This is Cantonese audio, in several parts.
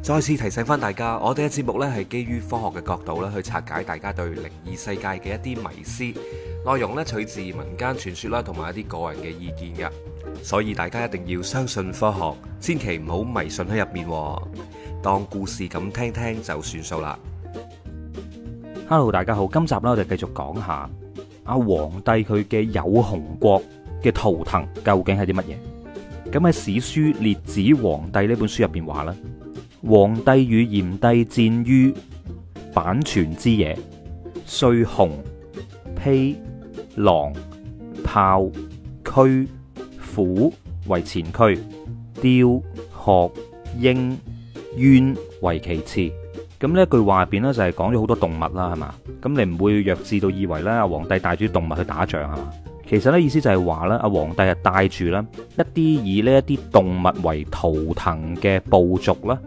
再次提醒翻大家，我哋嘅節目咧係基於科學嘅角度啦，去拆解大家對靈異世界嘅一啲迷思。內容咧取自民間傳說啦，同埋一啲個人嘅意見嘅，所以大家一定要相信科學，千祈唔好迷信喺入面，當故事咁聽聽就算數啦。Hello，大家好，今集咧我哋繼續講下阿黃帝佢嘅有熊國嘅圖騰究竟係啲乜嘢？咁喺史書《列子·黃帝》呢本書入邊話啦。黃帝與炎帝戰於阪泉之野，碎雄披狼豹、驅虎為前驅，雕鶴鷹鳶為其次。咁呢句話入邊咧，就係講咗好多動物啦，係嘛？咁你唔會弱智到以為咧，阿黃帝帶住啲動物去打仗係嘛？其實咧，意思就係話咧，阿黃帝係帶住咧一啲以呢一啲動物為圖騰嘅部族啦。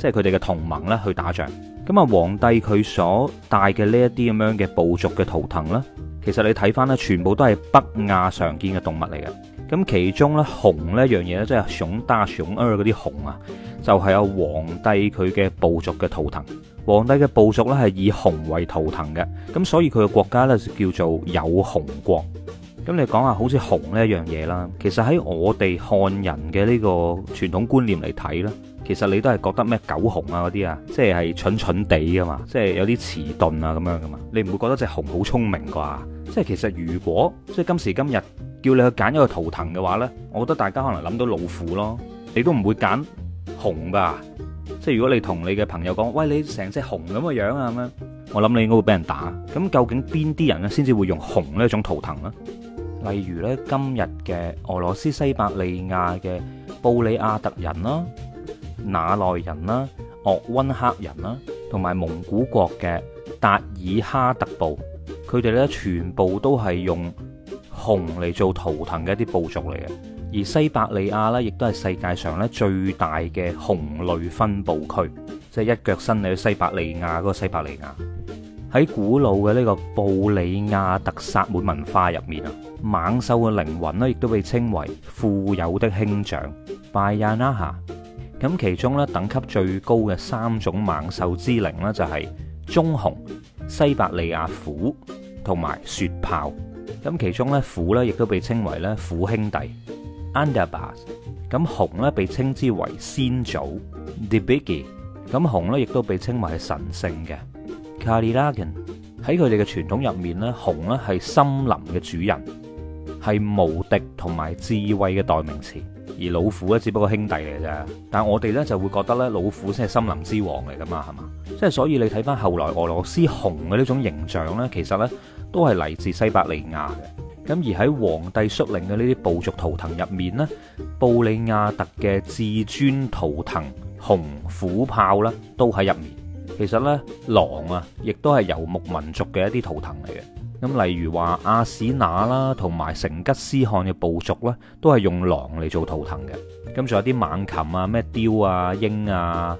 即係佢哋嘅同盟咧，去打仗。咁啊，黃帝佢所帶嘅呢一啲咁樣嘅部族嘅圖騰呢，其實你睇翻呢，全部都係北亞常見嘅動物嚟嘅。咁其中呢，熊咧一樣嘢呢，即係、er、熊大熊二嗰啲熊啊，就係、是、有黃帝佢嘅部族嘅圖騰。黃帝嘅部族呢，係以熊為圖騰嘅，咁所以佢嘅國家呢，就叫做有熊國。咁你講下好似熊呢一樣嘢啦，其實喺我哋漢人嘅呢個傳統觀念嚟睇呢。其實你都係覺得咩狗熊啊嗰啲啊，即係蠢蠢地噶嘛，即係有啲遲鈍啊咁樣噶、啊、嘛。你唔會覺得隻熊好聰明啩？即係其實如果即係今時今日叫你去揀一個圖騰嘅話呢，我覺得大家可能諗到老虎咯，你都唔會揀熊噶。即係如果你同你嘅朋友講，喂，你成隻熊咁嘅樣啊咁樣，我諗你應該會俾人打。咁究竟邊啲人咧先至會用熊呢一種圖騰咧？例如呢，今日嘅俄羅斯西伯利亞嘅布里亞特人啦。那奈人啦、鄂溫克人啦，同埋蒙古國嘅達爾哈特部，佢哋呢全部都係用熊嚟做圖騰嘅一啲部族嚟嘅。而西伯利亞呢，亦都係世界上咧最大嘅熊類分布區，即係一腳伸到去西伯利亞嗰個西伯利亞。喺古老嘅呢個布里亞特薩滿文化入面啊，猛獸嘅靈魂呢，亦都被稱為富有的兄長 Bayanaha。咁其中咧等級最高嘅三種猛獸之靈呢，就係棕熊、西伯利亞虎同埋雪豹。咁其中咧虎咧亦都被稱為咧虎兄弟 Andabas。咁熊咧被稱之為先祖 Debigi。咁熊咧亦都被稱為係神聖嘅 Carilagan。喺佢哋嘅傳統入面咧，熊咧係森林嘅主人，係無敵同埋智慧嘅代名詞。而老虎咧，只不過兄弟嚟啫。但係我哋呢，就會覺得咧，老虎先係森林之王嚟㗎嘛，係嘛？即係所以你睇翻後來俄羅斯熊嘅呢種形象呢，其實呢都係嚟自西伯利亞嘅。咁而喺黃帝率領嘅呢啲部族圖騰入面呢，布里亞特嘅至尊圖騰熊、虎、豹呢都喺入面。其實呢，狼啊，亦都係游牧民族嘅一啲圖騰嚟嘅。咁例如話，阿史那啦，同埋成吉思汗嘅部族咧，都係用狼嚟做圖騰嘅。咁仲有啲猛禽啊，咩雕啊、鷹啊，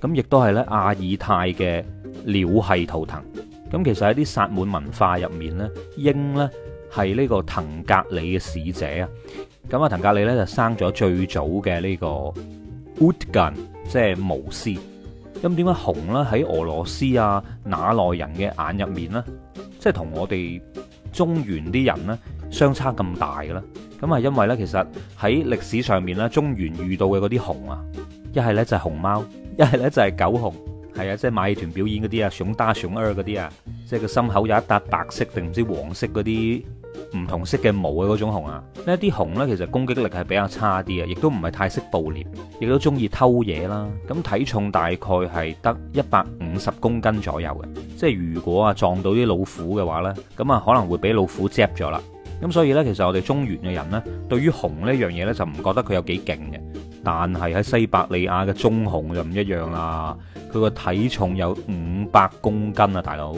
咁亦都係咧亞爾泰嘅鳥系圖騰。咁其實喺啲薩滿文化入面咧，鷹咧係呢個騰格里嘅使者啊。咁啊騰格里咧就生咗最早嘅呢個烏德根，即係巫師。咁點解熊咧喺俄羅斯啊那內人嘅眼入面咧？即係同我哋中原啲人呢相差咁大嘅啦。咁係因為呢，其實喺歷史上面呢，中原遇到嘅嗰啲熊啊，一係呢就係熊貓，一係呢就係狗熊，係啊，即係馬戲團表演嗰啲啊，「熊打熊」耳嗰啲啊，即係個心口有一笪白色定唔知黃色嗰啲。唔同色嘅毛嘅嗰種熊啊，呢啲熊呢，其實攻擊力係比較差啲啊，亦都唔係太識捕獵，亦都中意偷嘢啦。咁體重大概係得一百五十公斤左右嘅，即係如果啊撞到啲老虎嘅話呢，咁啊可能會俾老虎 zap 咗啦。咁所以呢，其實我哋中原嘅人呢，對於熊呢樣嘢呢，就唔覺得佢有幾勁嘅，但係喺西伯利亞嘅棕熊就唔一樣啦，佢個體重有五百公斤啊，大佬。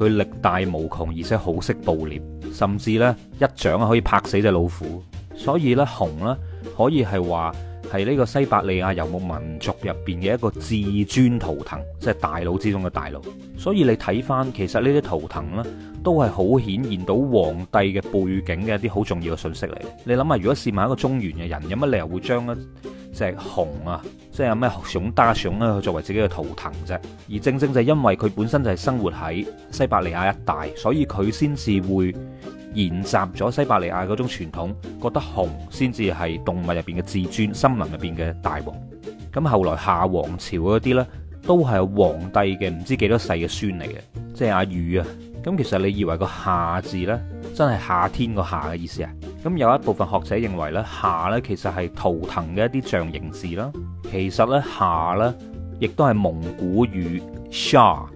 佢力大無窮，而且好識捕獵，甚至呢一掌可以拍死隻老虎，所以呢，熊呢可以係話，係呢個西伯利亞遊牧民族入邊嘅一個至尊圖騰，即係大佬之中嘅大佬。所以你睇翻其實呢啲圖騰呢，都係好顯現到皇帝嘅背景嘅一啲好重要嘅信息嚟。你諗下，如果試問一個中原嘅人，有乜理由會將一隻熊啊，即係有咩熊搭熊咧，佢作為自己嘅圖騰啫？而正正就係因為佢本身就係生活喺西伯利亞一帶，所以佢先至會。沿襲咗西伯利亞嗰種傳統，覺得熊先至係動物入邊嘅至尊，森林入邊嘅大王。咁後來夏王朝嗰啲呢，都係皇帝嘅唔知幾多世嘅孫嚟嘅，即係阿禹啊。咁其實你以為個夏字呢，真係夏天個夏嘅意思啊？咁有一部分學者認為呢「夏」呢，其實係圖騰嘅一啲象形字啦。其實呢「夏」呢，亦都係蒙古語 sha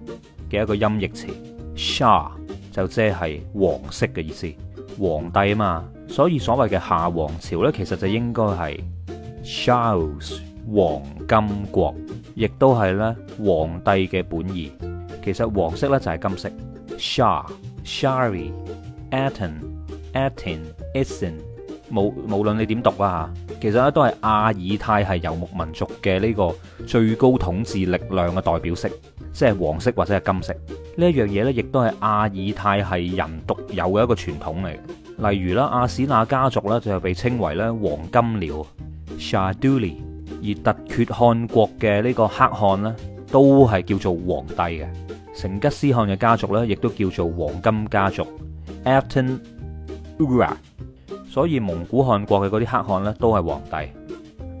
嘅一個音譯詞 sha。就即係黃色嘅意思，皇帝啊嘛，所以所謂嘅夏王朝呢，其實就應該係 Charles 黃金國，亦都係呢皇帝嘅本意。其實黃色呢，就係金色，Sha、Shari Atin、Atin、Esen，無無論你點讀啊，其實呢都係阿爾泰係游牧民族嘅呢個最高統治力量嘅代表色。即係黃色或者係金色呢，一樣嘢呢，亦都係阿爾泰系人獨有嘅一個傳統嚟。例如啦，阿史那家族呢，就係被稱為咧黃金鳥 Shar Duli；而突厥汗國嘅呢個黑汗呢，都係叫做皇帝嘅。成吉思汗嘅家族呢，亦都叫做黃金家族 Altun Ura。所以蒙古汗國嘅嗰啲黑汗呢，都係皇帝。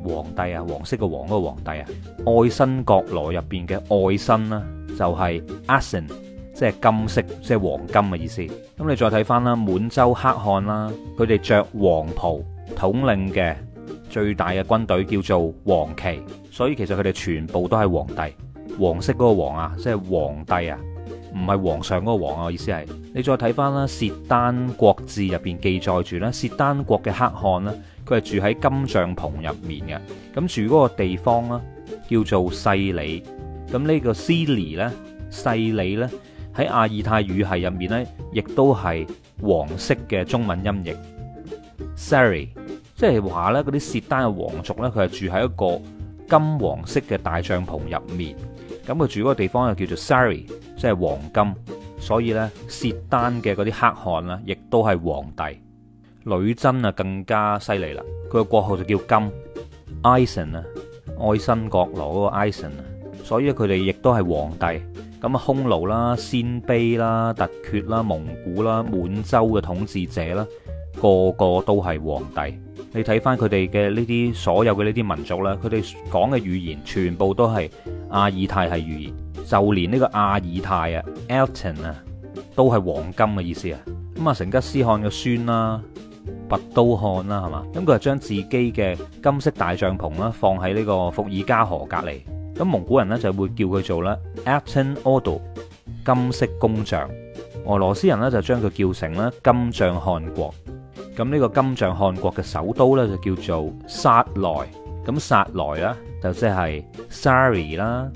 黃帝啊，黃色嘅黃嗰個黃帝啊，愛新覺羅入邊嘅愛新啦、啊，就係、是、Asin，即係金色，即係黃金嘅意思。咁你再睇翻啦，滿洲黑漢啦、啊，佢哋着黃袍，統領嘅最大嘅軍隊叫做黃旗，所以其實佢哋全部都係黃帝，黃色嗰個黃啊，即係黃帝啊。唔係皇上嗰個皇啊！我意思係你再睇翻啦，《薛丹國志》入邊記載住啦，薛丹國嘅黑漢啦，佢係住喺金帳篷入面嘅。咁住嗰個地方啦，叫做細里。咁呢個 Siri 咧，細裏咧喺阿爾泰語系入面呢，亦都係黃色嘅中文音譯 Siri，即係話呢，嗰啲薛丹嘅皇族呢，佢係住喺一個金黃色嘅大帳篷入面。咁佢住嗰個地方又叫做 Sari 即係黃金，所以呢，薛丹嘅嗰啲黑漢啦，亦都係皇帝。女真啊，更加犀利啦，佢個國號就叫金 Aisin 啊，愛新覺羅嗰個 Aisin 啊，所以佢哋亦都係皇帝。咁啊，匈奴啦、鮮卑啦、啊、突厥啦、啊、蒙古啦、啊、滿洲嘅統治者啦、啊。個個都係皇帝。你睇翻佢哋嘅呢啲所有嘅呢啲民族咧，佢哋講嘅語言全部都係阿爾泰系語言。就連呢個阿爾泰啊，Altin 啊，都係黃金嘅意思啊。咁啊，成吉思汗嘅孫啦，拔都汗啦，係嘛？咁佢係將自己嘅金色大帳篷啦，放喺呢個伏爾加河隔離。咁蒙古人呢就會叫佢做咧 Altin Odo 金色公帳。俄羅斯人呢就將佢叫成咧金帳汗國。咁呢個金帳汗國嘅首都呢，就叫做薩萊，咁薩萊呢，就即係 Sari 啦、啊、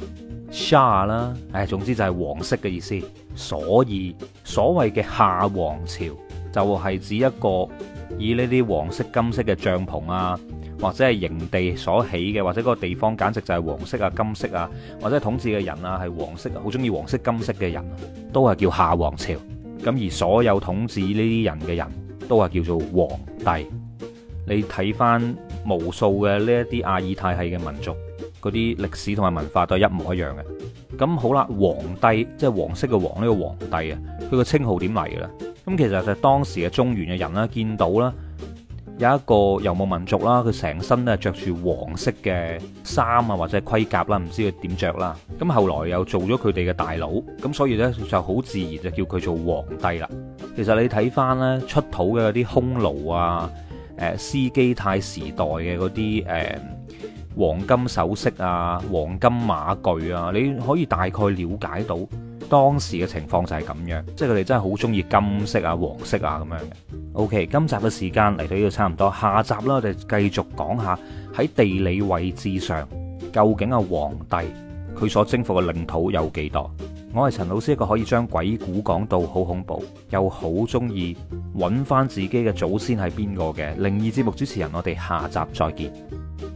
Shah 啦，唉，總之就係黃色嘅意思。所以所謂嘅夏王朝就係、是、指一個以呢啲黃色、金色嘅帳篷啊，或者係營地所起嘅，或者嗰個地方簡直就係黃色啊、金色啊，或者統治嘅人啊係黃色，好中意黃色、金色嘅人，都係叫夏王朝。咁而所有統治呢啲人嘅人。都係叫做皇帝。你睇翻無數嘅呢一啲阿爾泰系嘅民族，嗰啲歷史同埋文化都係一模一樣嘅。咁好啦，黃帝即係黃色嘅黃，呢個黃帝啊，佢個稱號點嚟嘅呢？咁其實就係當時嘅中原嘅人啦，見到啦。有一個遊牧民族啦，佢成身咧著住黃色嘅衫啊，或者盔甲啦，唔知佢點着啦。咁後來又做咗佢哋嘅大佬，咁所以呢，就好自然就叫佢做黃帝啦。其實你睇返呢，出土嘅嗰啲匈奴啊，誒斯基泰時代嘅嗰啲誒黃金首飾啊、黃金馬具啊，你可以大概了解到。當時嘅情況就係咁樣，即係佢哋真係好中意金色啊、黃色啊咁樣嘅。O.K. 今集嘅時間嚟到呢度差唔多，下集啦，我哋繼續講下喺地理位置上究竟阿黃帝佢所征服嘅領土有幾多。我係陳老師，一個可以將鬼故講到好恐怖，又好中意揾翻自己嘅祖先係邊個嘅靈異節目主持人。我哋下集再見。